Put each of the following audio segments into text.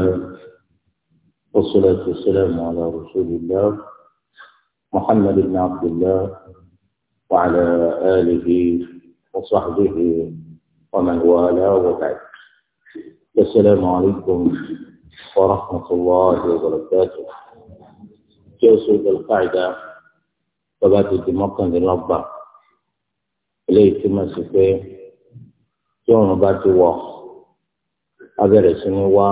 الله والصلاة والسلام على رسول الله محمد بن عبد الله وعلى آله وصحبه ومن والاه وبعد السلام عليكم ورحمة الله وبركاته جوسد القاعدة وبعد الدماغ للأربع إليه كما سفيه tí òun bá ti wọ̀ abẹ́rẹ́ sí ni wá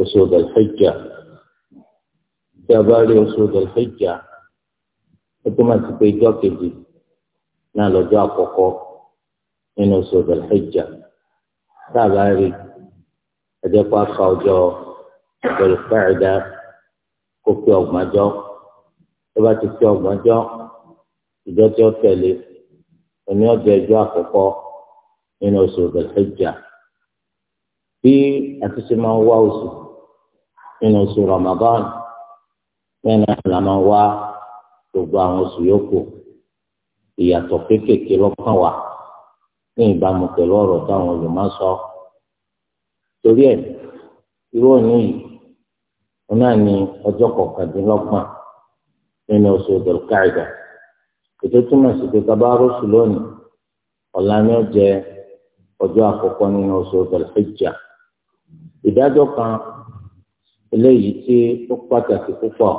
oṣù dàlhẹ́jà tí a bá rí oṣù dàlhẹ́jà ó tó máa ti pé ijọ́ kejì náà lọ́jọ́ àkọ́kọ́ nínú oṣù dàlhẹ́jà tá a bá rí ẹjẹ́ pa ka ọjọ́ dàlfẹ́ẹ̀dá kó pé ọgbọ̀njọ́ tó bá ti pé ọgbọ̀njọ́ ìjọ tí ó tẹ̀lé òní ọjọ́ ẹjọ́ àkọ́kọ́ nínú oṣù dàlhẹ́jà bí àtúnṣe máa ń wá oṣù nínú oṣù Ramadan lẹ́yìn náà la máa wá gbogbo àwọn oṣù yòókù ìyàtọ̀ kéékèèké lọ́kàn wa ní ìbámu pẹ̀lú ọ̀rọ̀ táwọn olùmọ̀ sọ torí ẹ̀ irú òní yìí òun náà ní ọjọ́ kọkàndínlọ́gbọ̀n nínú oṣù dọ̀lkáìdà ètò túmọ̀ sí pé kábàárọ̀sù lónìí ọ̀la ni ó jẹ ọjọ́ àkọ́kọ́ nínú oṣù dọ̀lhíjà ìdájọ́ kan eléyìí tí ó pàtàkì púpọ̀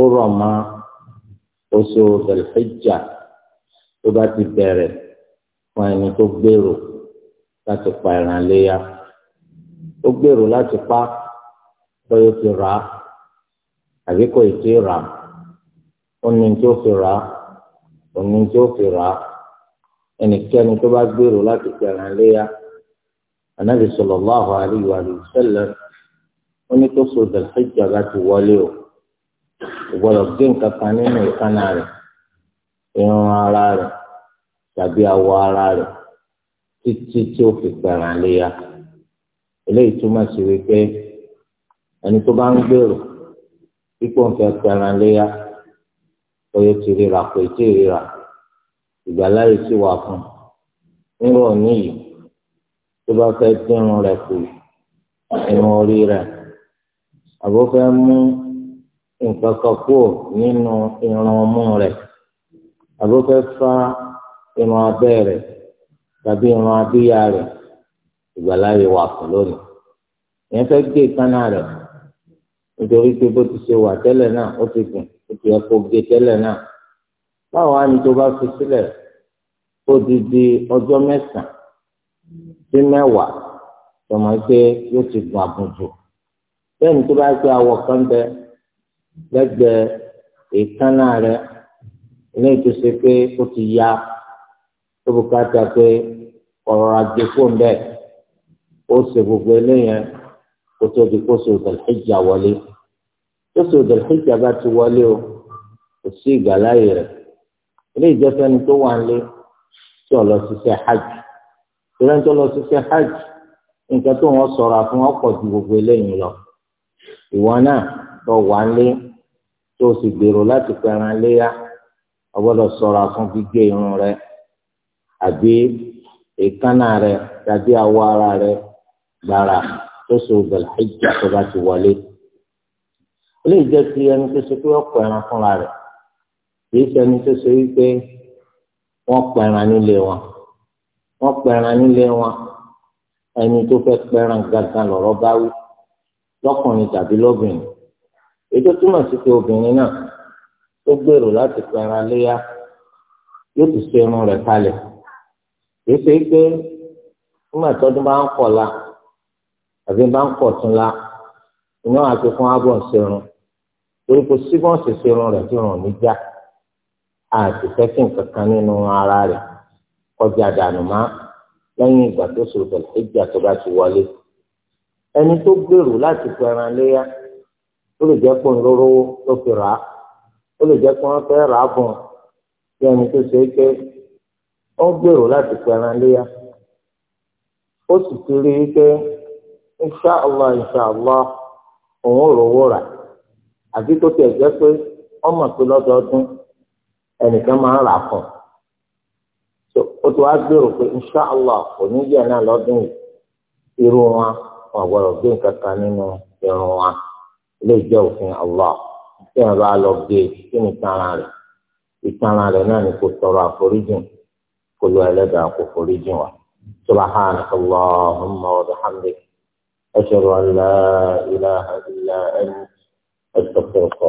ó rọ̀ mọ́ oṣù Dhul-Hijja tó bá ti bẹ̀rẹ̀ fún ẹni tó gbèrò láti pa ẹran léyà ó gbèrò láti pa bóyá ó ti rà á àbí kò ì tí ì rà á ó ní tí ó fi rà á ó ní tí ó fi rà á ẹnikẹ́ni tó bá gbèrò láti pa ẹran léyà Ànábì sallallahu alaihi wa sallam ó ní tó so zẹlẹsẹjà bá ti wọlé o ìgbọ́dọ̀ gé nǹkan kan nínú ìkánná rẹ̀ irun ara rẹ̀ tàbí awọ ara rẹ̀ títí tí ó fi pẹ̀ràn léya eléyìí túmọ̀ sí wípé ẹni tó bá ń gbèrò pípọ̀ ń fẹ́ pẹ̀ràn léya oyè ti ríra kò tí ì ríra ìgbàláyè sì wà fún un nírọ̀ níyì tó bá fẹ́ dínrún rẹ̀ kù irun orí rẹ̀ àbò fẹ́ mú nǹkan kan kúrò nínú irun ọmú rẹ̀ àbò fẹ́ fa irun abẹ́ rẹ̀ tàbí irun abíyá rẹ̀ ìgbàláyè wà fún lónìí ìyẹn fẹ́ gé ìkánná rẹ̀ nítorí pé bó ti ṣe wà tẹ́lẹ̀ náà ó ti gùn ó ti yẹ gé tẹ́lẹ̀ náà báwo á tó bá fi sílẹ̀ ó di di ọjọ́ mẹ́sàn-án sí mẹ́wàá tọmọ pé yóò ti gùn àbùjù bẹ́ẹ̀ ni tó bá gbé awọ kan bẹ lẹ́gbẹ̀ẹ́ èékánná rẹ ilé ìtòsí pé ó ti ya tó bùkátà pé ọ̀rọ̀ ajé fóun bẹ́ẹ̀ ó ṣe gbogbo eléyẹn kó tó di kó ṣe òdàlẹ́jà wọlé tó ṣe òdàlẹ́jà bá ti wọlé o kò sí ìgbàláyè rẹ ilé ìjọsẹ́ni tó wà ń lé tí ó lọ ṣiṣẹ́ hajj ìrẹ́ńtọ́ lọ ṣiṣẹ́ hajj nǹkan tó wọ́n sọ̀rọ̀ fún ọ̀pọ̀ ju gbogbo eléyìí lọ ìwọ náà tó wà ń lé tó o sì gbèrò láti pẹran léyà o gbọ́dọ̀ ṣọ́ra fún gígé irun rẹ àbí èékánná rẹ tàbí awọ ara rẹ gbàrà tó so gbẹlẹjà tó bá ti wọlé ó lè jẹ́ ti ẹni tó ṣe pé ọ̀pọ̀ ẹran fúnra rẹ kì í ṣe ẹni tó ṣe wípé wọ́n pẹran nílé wọn wọ́n pẹran nílé wọn ẹni tó fẹ́ pẹran gangan lọ̀rọ̀ bá wí lọ́kùnrin tàbí lóbìnrin ètò túmọ̀ sí pé obìnrin náà ó gbèrò láti pẹran léyà yóò ti ṣe irun rẹ̀ kalẹ̀ kìí ṣe pé nígbà tọdún bá ń kọ̀ la àbí bá ń kọ̀ tún la iná àti fún abọ̀ ń ṣerun torí kò sí bọ́n ṣe ṣerun rẹ̀ tí ràn mí já àti fẹ́kìn kankan nínú ara rẹ̀ kọjá dànù má lẹ́yìn ìgbà tó ṣòro tẹ̀lé ìjà tó ti wọlé. ẹni tó gbèrò láti pẹran léyà ó lè jẹ́ pọ̀ ńlọ́rọ́wọ́ ló fi rà á ó lè jẹ́ rà á bọ̀ bí ẹni tó ṣe é pé ó gbèrò láti pẹran léyà ó sì ti rí i pé allah allah òun ò rówó rà àbí tó pé pé lọ́dọọdún ẹnìkan máa wọn gbọ́dọ̀ gbé nǹkan kan nínú irun wa ilé ìjọ òfin Allah tí wọn bá lọ gbé kí ni ìtara rẹ̀ ìtara rẹ̀ náà ni kò tọrọ àforíjìn kò lọ ẹlẹ́dàá kò foríjìn wa subhanaka Allahumma wa bihamdik ashhadu an la ilaha illa anta astaghfiruka